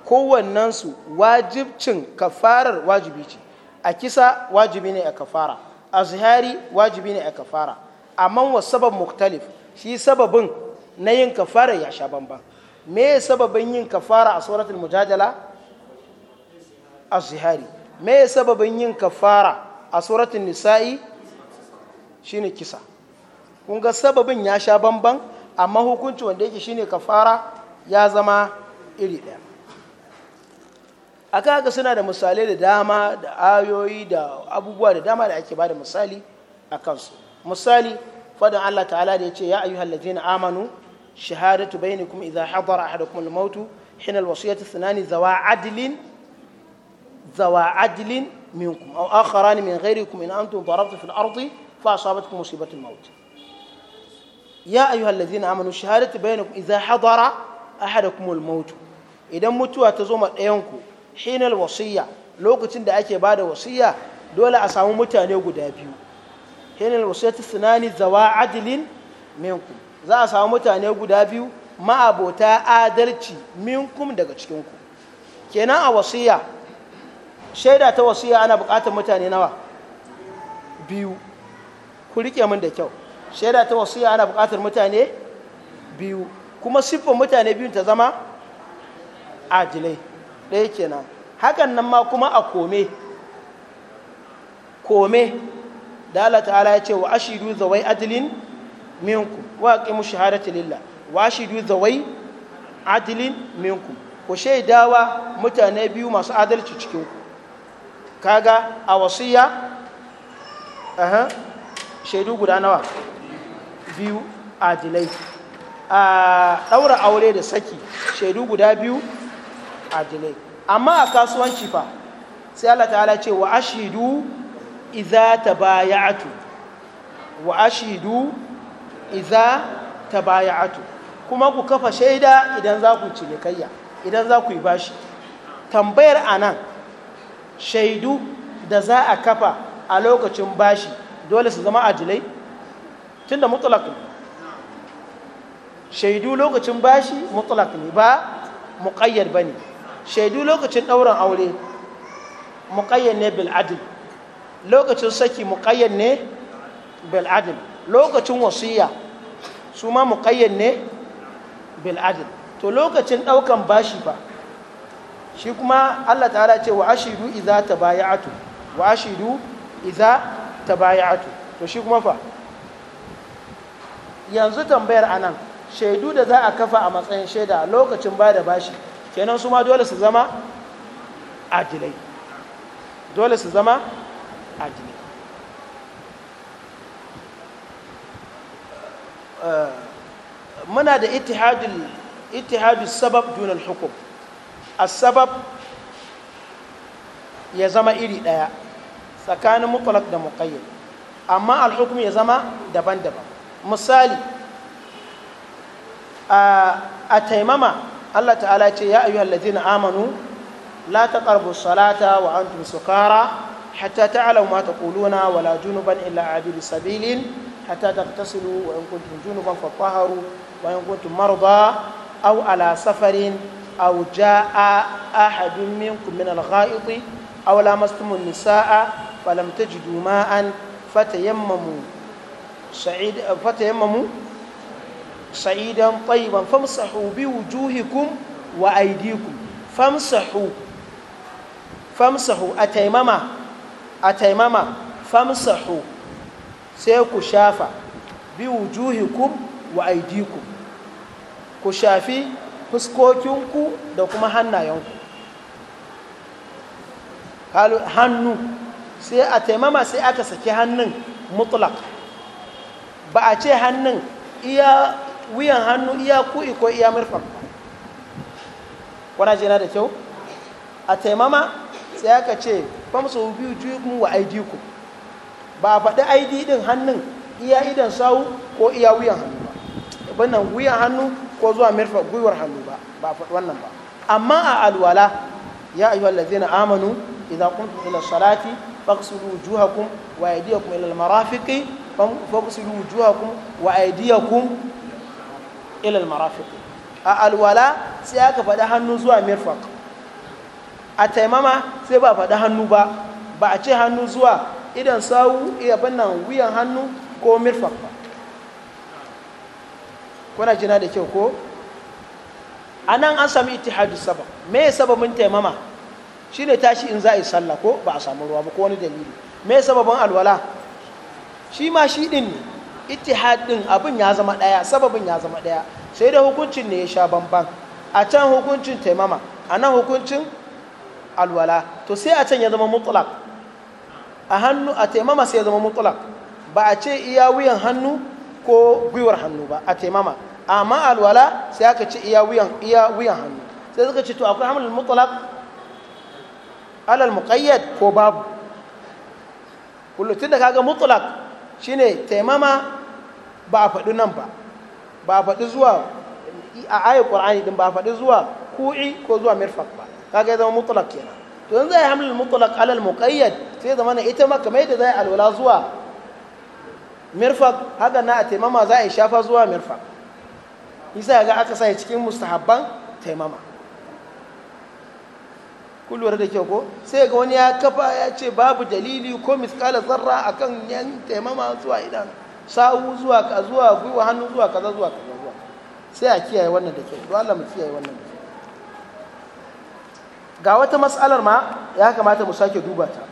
kowannensu wajibcin kafarar wajibi ce a kisa wajibi ne a kafara a zihari wajibi ne a kafara amma wa sabab muktalif shi sababin na yin kafara ya sha bambam me sababin yin kafara a suratul mujadala a zihari me sababin yin kafara a suratun nisa'i shine kisa kun ga sababin ya sha bamban amma hukunci wanda yake shine kafara ya zama iri ɗaya a haka suna da misalai da dama da ayoyi da abubuwa da dama da ake ba da misali a kansu misali fadin allah ta'ala da ya ce ya ayyuhal ladina amanu shahadatu bainakum idza hadara kuma al-mautu hina al-wasiyatu thanani zawa adlin ذوى عدل منكم أو آخران من غيركم إن أنتم ضربتم في الأرض فأصابتكم مصيبة الموت يا أيها الذين آمنوا شهادة بينكم إذا حضر أحدكم الموت إذا متوا تزوم ɗayanku حين الوصية lokacin da ake bada wasiyya wasiya dole a samu mutane guda biyu hinal wasiyatu sunani zawa adilin minkum za a samu mutane guda biyu ma'abota adalci minkum daga cikinku kenan a wasiya shaida ta wasiya ana buƙatar mutane nawa biyu ku riƙe min da kyau shaida ta wasiya ana buƙatar mutane biyu kuma siffar mutane biyun ta zama ajilai ɗaya kenan hakan nan ma kuma a kome kome da Allah ta'ala ya ce wa ashidu zawai adilin minku wa aqimu shahadati lillah wa ashidu zawai adilin minku ku shaidawa mutane biyu masu adalci cikin ku. kaga a wasiya aha shaidu guda nawa biyu adilai a ɗaura aure da saki shaidu guda biyu adilai amma a kasuwanci fa sai Allah ta'ala ce wa ashidu baya atu wa ashidu baya atu kuma ku kafa shaida idan za ku cinikayya idan za ku yi bashi tambayar anan shaidu da za a kafa a lokacin bashi dole su zama ajilai tun da mutlak ne shaidu lokacin bashi mutlak ne ba muƙayyar ba ne shaidu lokacin ɗaurin aure muƙayyar ne bil'adil lokacin saki muƙayyar ne bil'adil lokacin wasiya su ma muƙayyar ne bil'adil to lokacin ɗaukan bashi ba shi kuma Allah ta'ala ce wa ashidu baya atu wa ashidu baya atu to shi kuma fa yanzu tambayar anan shaidu da za a kafa a matsayin shaida lokacin ba da bashi kenan su ma dole su zama adilai dole su zama adilai eh, muna da ittihadul sabab dunal hukum asabab ya zama iri ɗaya tsakanin mutlaq da muqayyad amma alhukum ya zama daban-daban misali a taimama Allah ta'ala ce ya ayyuhal ladina amanu la taqrabu salata wa antum sukara hatta ta'lamu ma taquluna wa la junuban illa abiru sabilin hatta taghtasilu wa in kuntum junuban fatahharu wa in kuntum marda aw ala safarin أو جاء أحد منكم من الغائط أو لامستم النساء فلم تجدوا ماء فتيمموا سعيد فتيمموا سعيدا طيبا فامسحوا بوجوهكم وأيديكم فامسحوا فامسحوا أتيمما أتيمما فامسحوا سيكو شافا بوجوهكم وأيديكم كشافي fuskokinku da kuma hannayenku hannu sai a taimama sai aka saki hannun mutlak ba a ce hannun iya wuyan hannu iya ku ko iya murfar wana jina da kyau a taimama sai aka ce famsu biyu juyin wa aidiku ba a faɗi aidi ɗin hannun iya idan sau ko iya wuyan hannu ba nan wuyan hannu ko zuwa mirfa gwiwar hannu ba ba faɗi wannan ba amma a alwala ya ayyuhal ladzina amanu idza qumtum ila salati faghsilu wujuhakum wa aydiyakum ila almarafiqi faghsilu wujuhakum wa aydiyakum ila marafiki. a alwala sai aka faɗi hannu zuwa mirfaq a taimama sai ba faɗi hannu ba ba a ce hannu zuwa idan sawu iya bannan wuyan hannu ko mirfaq ba kuna jina da kyau ko a nan an sami ittihadu saba. me ya sababin taimama Shi ne tashi in za a yi sallah ko ba a samu ruwa ba ko wani dalili me ya sababin alwala shi ma shi din ne ittihad din abin ya zama daya sababin ya zama daya sai da hukuncin ne ya sha bamban a can hukuncin taimama a nan hukuncin alwala to sai a can ya zama mutlak a hannu a taimama sai ya zama mutlak ba a ce iya wuyan hannu ko gwiwar hannu ba a taimama amma alwala sai aka ce iya wuyan iya wuyan hannu sai suka ce to akwai hamlul mutlaq alal muqayyad ko babu kullutun da kaga mutlaq shine taimama ba a faɗi nan ba ba a faɗi zuwa a ayi ƙwar'ani din ba a faɗi zuwa ku'i ko zuwa mirfak ba kaga ya zama mutlaq kenan to yanzu ya hamlul mutlaq alal muqayyad sai zama na ita ma kamar yadda za a alwala zuwa mirfak haka na a taimama za a shafa zuwa mirfak isa ga aka sai cikin mustahabban taimama kun da kyau ko sai ga wani ya kafa ya ce babu dalili ko miskala zarra akan yan taimama zuwa idan sawu zuwa ka zuwa gwiwa hannu zuwa kaza zuwa kaza zuwa sai a kiyaye wannan da kyau don Allah mu kiyaye wannan da ga wata matsalar ma ya kamata mu sake duba ta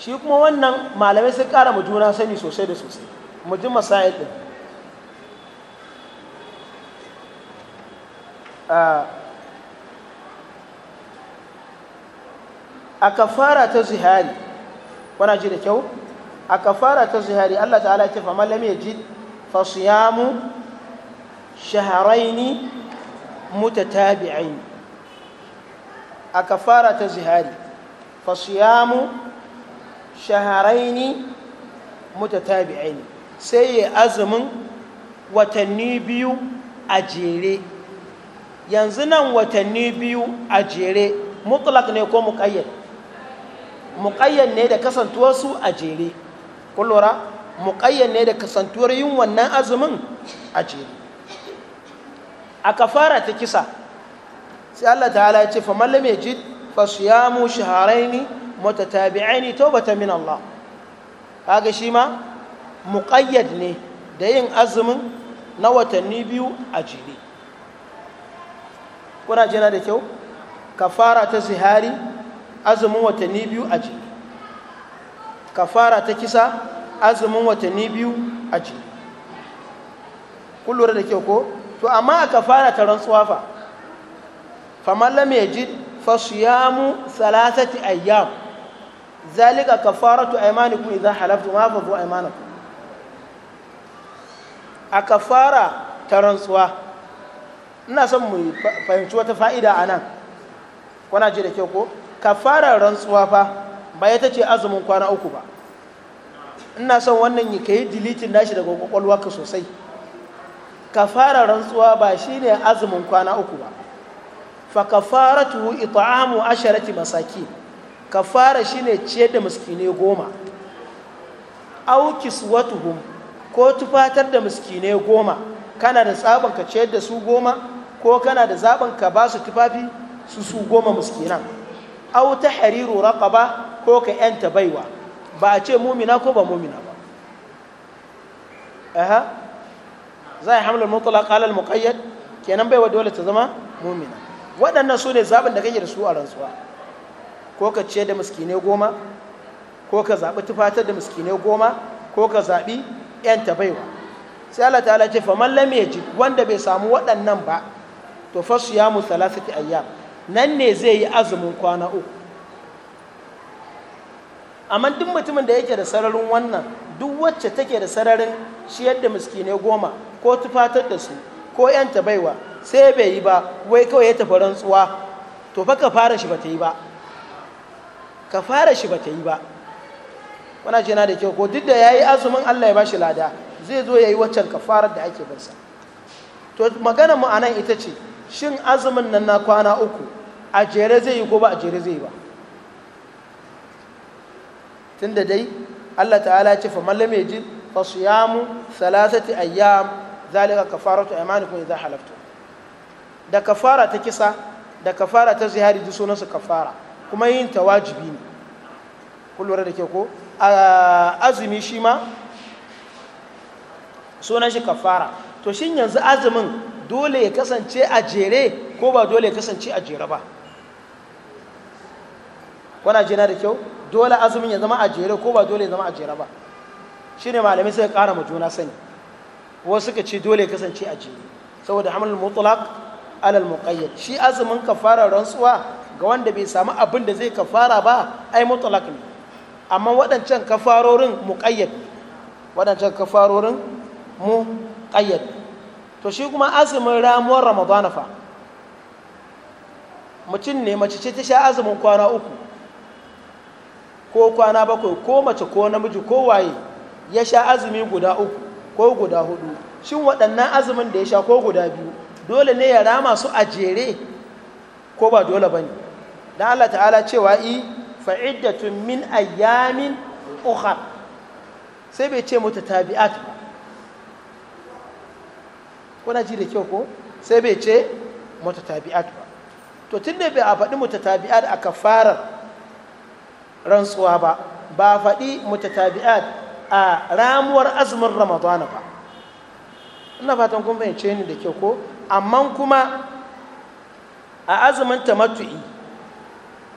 shi kuma wannan malamai sai kara mu juna sani sosai da sosai mu ji masail din a kafara ta zihari wana ji da kyau a kafara ta zihari Allah ta'ala ce fa malam ya ji fa shaharaini mutatabi'ain a kafara ta zihari sai ya azumin watanni biyu a jere yanzu nan watanni biyu a jere mutlak ne ko muƙayyad muƙayyad ne da kasantuwar su a jere kullura muƙayyad ne da kasantuwar yin wannan azumin a jere a kafara ta kisa sai Allah ta'ala ya ce fa mallam yajid fa siyamu shahrayn mutatabi'ain tawbatan min Allah ga shi ma muƙayyad ne da yin azumin na watanni biyu a jini kuna jina da kyau kafara ta zihari azumin watanni biyu a Ka kafara ta kisa azumin watanni biyu a jini kun lura da kyau ko to amma a kafara ta rantsuwa fa faman lam yajid fa siyamu salatati ayyam zalika kafaratu aymanikum idan halaftum ma fa aymanakum a kafara ta rantsuwa ina son mu fahimci wata fa'ida a nan wana ce da kyau ko kafara rantsuwa fa ba ya ta ce azumin kwana uku ba ina son wannan yi ka yi dilitin nashi daga kwakwalwa ka sosai kafara rantsuwa ba shine azumin kwana uku ba fa kafaratuhu it'amu asharati masaki kafara ne ciyar da muskine goma aw kiswatuhum ko tufatar da miskinai goma kana da tsaban ka ciyar da su goma ko kana da zaben ka ba su tufafi su su goma miskinan au ta hariru raqaba ko ka yanta baiwa ba a ce mumina ko ba mumina ba aha za a hamlar mutala kalal muƙayyad kenan baiwa dole ta zama mumina waɗannan su ne zaben da kake da su a rantsuwa ko ka ciyar da miskinai goma ko ka zaɓi tufatar da miskinai goma ko ka zaɓi yanta baiwa sai Allah ta'ala ce fa man lam yajid wanda bai samu waɗannan ba to fa siyamu thalathati ayyam nan ne zai yi azumin kwana uku amma duk mutumin da yake da sararin wannan duk wacce take da sararin shi yadda miskine goma ko tufatar da su ko yanta baiwa sai bai yi ba wai kawai ya tafi rantsuwa to fa ka fara shi ba ta yi ba ka fara shi ba ta yi ba wana ce na da kyau ko duk da ya yi azumin Allah ya bashi lada zai zo ya yi waccan kafarar da ake bansa to magana mu anan ita ce shin azumin nan na kwana uku a jere zai yi ko ba a jere zai yi ba Tun da dai Allah ta'ala ce fa mallam yaji fa siyamu thalathati ayyam zalika kafaratu aymanikum idza halaftum da kafara ta kisa da kafara ta zihari duk sunansu kafara kuma yin ta wajibi ne kun da ke ko azumi shi ma sunan shi kafara to shin yanzu azumin dole ya kasance a jere ko ba dole ya kasance a jere ba kwana jina da kyau dole azumin ya zama a jere ko ba dole ya zama a jere ba shi ne malamai suka kara ma juna sani wasu suka ce dole ya kasance a jere saboda hamlin mutulak alal muqayyad shi azumin kafara rantsuwa ga wanda bai samu abin da zai kafara ba ai mutulak ne amma waɗancan kafarorin ƙayyad waɗancan kafarorin mu ƙayyad to shi kuma azumin ramuwar ramadana fa mutum ne mace ce ta sha azumin kwana uku ko kwana bakwai ko mace ko namiji ko waye ya sha azumi guda uku ko guda hudu shin waɗannan azumin da ya sha ko guda biyu dole ne ya rama su a jere ko ba dole ba ne don allah ta'ala cewa i fa'iddatun min ayyamin ukhar sai bai ce mata tabi'at ba kuna ji da kyau ko sai bai ce mata tabi'at ba to da bai a faɗi mata tabi'at a kafarar rantsuwa ba ba a faɗi mata tabi'at a ramuwar azumin ramadana ba ina fatan kun fahimce ni da kyau ko amma kuma a azumin tamattu'i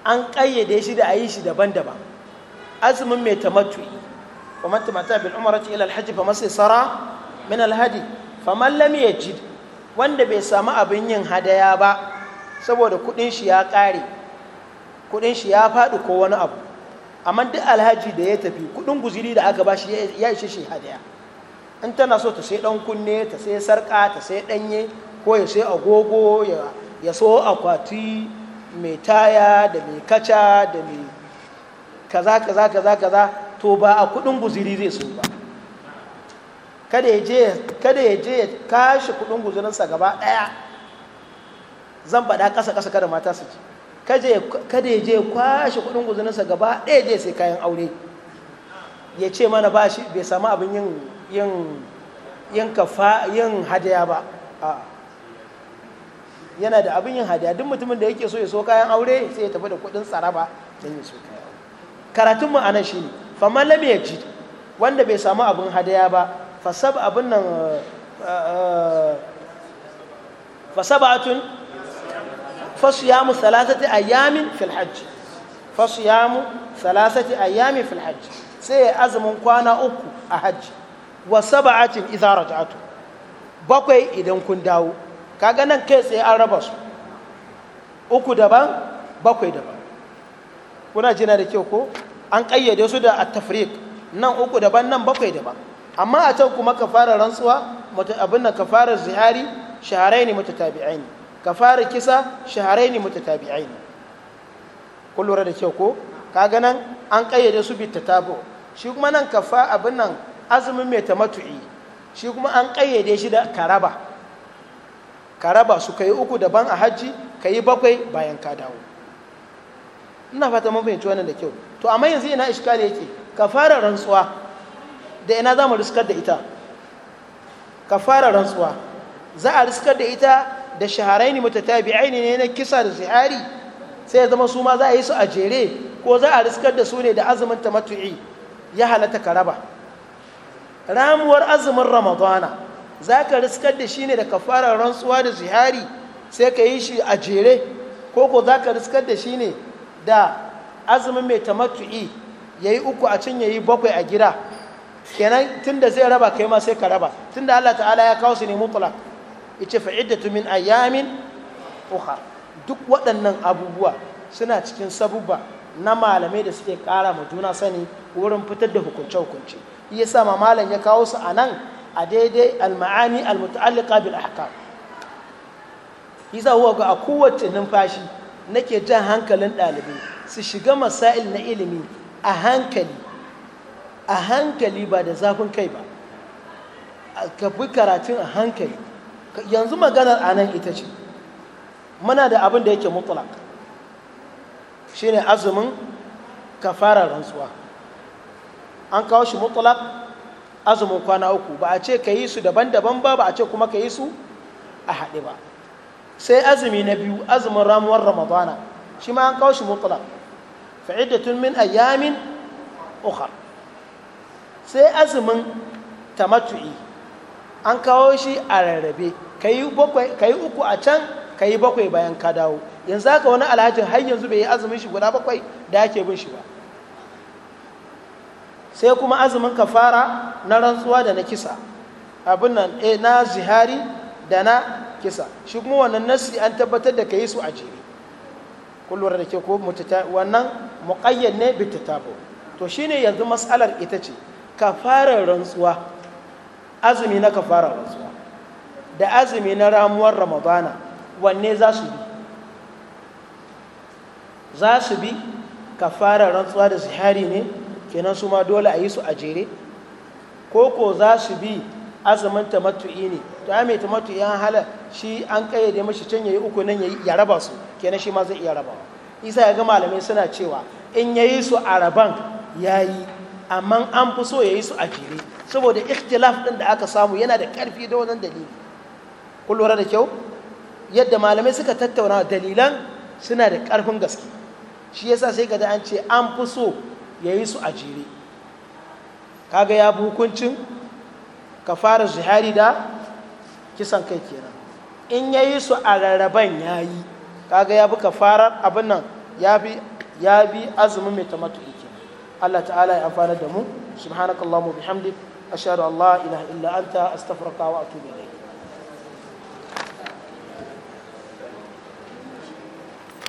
an ƙayyade shi da a yi shi daban-daban azumin mai tamattu'i wa man tamatta bil umrati ila al-hajj fa Sara? min al-hadi faman lam yajid wanda bai samu abin yin hadaya ba saboda kudin shi ya ƙare kudin shi ya faɗi ko wani abu amma duk alhaji da ya tafi kuɗin guziri da aka bashi ya ishe shi hadaya in tana so ta sai ɗan kunne ta sai sarka ta sai ɗanye, ko ya sai agogo ya so akwati mai taya da mai kaca da mai kaza kaza kaza kaza to ba a kudin guziri zai so ba kada ya je ya kashe kudin guzirinsa gaba daya zan bada ƙasa ƙasa kada mata su ci kada ya je kwashe kudin guzirinsa gaba daya je sai kayan aure ya ce mana ba shi bai samu abin yin yin yin kafa yin hadaya ba a'a yana da abin yin hadiya duk mutumin da yake so ya so kayan aure sai ya tafi da kuɗin tsaraba don yin so kayan karatun mu anan shine faman lam yajid wanda bai samu abin hadaya ba fasab abin nan eh, eh, fasabatun fasiyamu thalathati ayamin fil hajj fasiyamu salasati a fil hajj sai ya azumin kwana uku a hajji wa sab'atin idza raja'tu bakwai idan kun dawo kaga nan kai tsaye an raba su uku daban bakwai daban kuna jina da kyau ko an ƙayyade su da atafrik nan uku daban nan bakwai daban amma a can kuma ka fara rantsuwa abin nan ka fara zihari shaharai ne tabi'ai ne ka fara kisa shaharai ne tabi'ai ne kun lura da kyau ko kaga nan an ƙayyade su bi tabo shi kuma nan ka fa abin nan azumin mai tamatu'i shi kuma an ƙayyade shi da karaba ka raba su ka yi uku daban a hajji ka yi bakwai bayan ka dawo ina fata mun fahimci wannan da kyau to amma yanzu ina iskali yake ka fara rantsuwa da ina za mu riskar da ita ka fara rantsuwa za a riskar da ita da shaharaini mutatabi'aini ne na kisa da zihari sai ya zama su ma za a yi su a jere ko za a riskar da su ne da azumin tamattu'i ya halatta ka raba ramuwar azumin ramadana za ka riskar da shi ne da kafarar rantsuwa da zihari sai ka yi shi a jere ko ko za ka riskar da shi ne da azumin mai tamattu'i ya yi uku a cin ya yi bakwai a gida kenan tun da zai raba kai ma sai ka raba tun da allah ta'ala ya kawo su ne mutlak ice fa'idda min ayyamin ukhra duk waɗannan abubuwa suna cikin sabubba na malamai da suke ƙara ma sani wurin fitar da hukunce-hukunce yasa ma malam ya kawo su a nan a daidai alma'ani maani al bil ahkam yasa huwa ga a kowace numfashi nake jan hankalin ɗalibai su shiga masail na ilimi a hankali a hankali ba da zafin kai ba ka bi karatun a hankali yanzu maganar anan ita ce muna da abin da yake mutlaq shine azumin kafarar rantsuwa an kawo shi mutlaq azumin kwana uku ba a ce ka yi su daban-daban ba ba a ce kuma ka yi su a haɗe ba sai azumi na biyu azumin ramuwar ramadana shi ma an kawo shi da tun min ayyamin ukhar sai azumin tamatu'i an kawo shi a rarrabe ka yi uku a can ka yi bakwai bayan ka dawo yanzu haka wani alhaji har yanzu bai yi azumin shi guda bakwai da ake bin shi ba sai kuma azumin kafara na rantsuwa da na kisa abin nan e na zihari da na kisa shi kuma wannan nasi an tabbatar da yi su a jere kullum da ke ko wannan muƙayyad ne bi tabo to shine yanzu matsalar ita ce kafarar rantsuwa azumi na kafarar rantsuwa da azumi na ramuwar ramadana wanne za su bi za su bi kafarar rantsuwa da zihari ne kenan su ma dole a yi su a jere ko ko za su bi azumin tamattu'i ne to ya mai tamattu'i an hala shi an kayyade mashi can yayi uku nan yayi ya raba su kenan shi ma zai iya rabawa isa ya ga malamai suna cewa in yayi su a raban yayi amma an fi so yayi su a jere saboda ikhtilaf din da aka samu yana da karfi da wannan dalili ku lura da kyau yadda malamai suka tattauna dalilan suna da karfin gaske shi yasa sai ga an ce an fi so ya yi su a jere kaga ya bi hukuncin fara zihari da kisan kai kenan in ya yi su a rarraban ya yi kaga ya bi fara abin nan ya bi azumin mai tamatu ike Allah ta'ala ya amfana da mu subhanakallahumma bihamdi ashhadu an la ilaha illa anta astaghfiruka wa atubu ilayk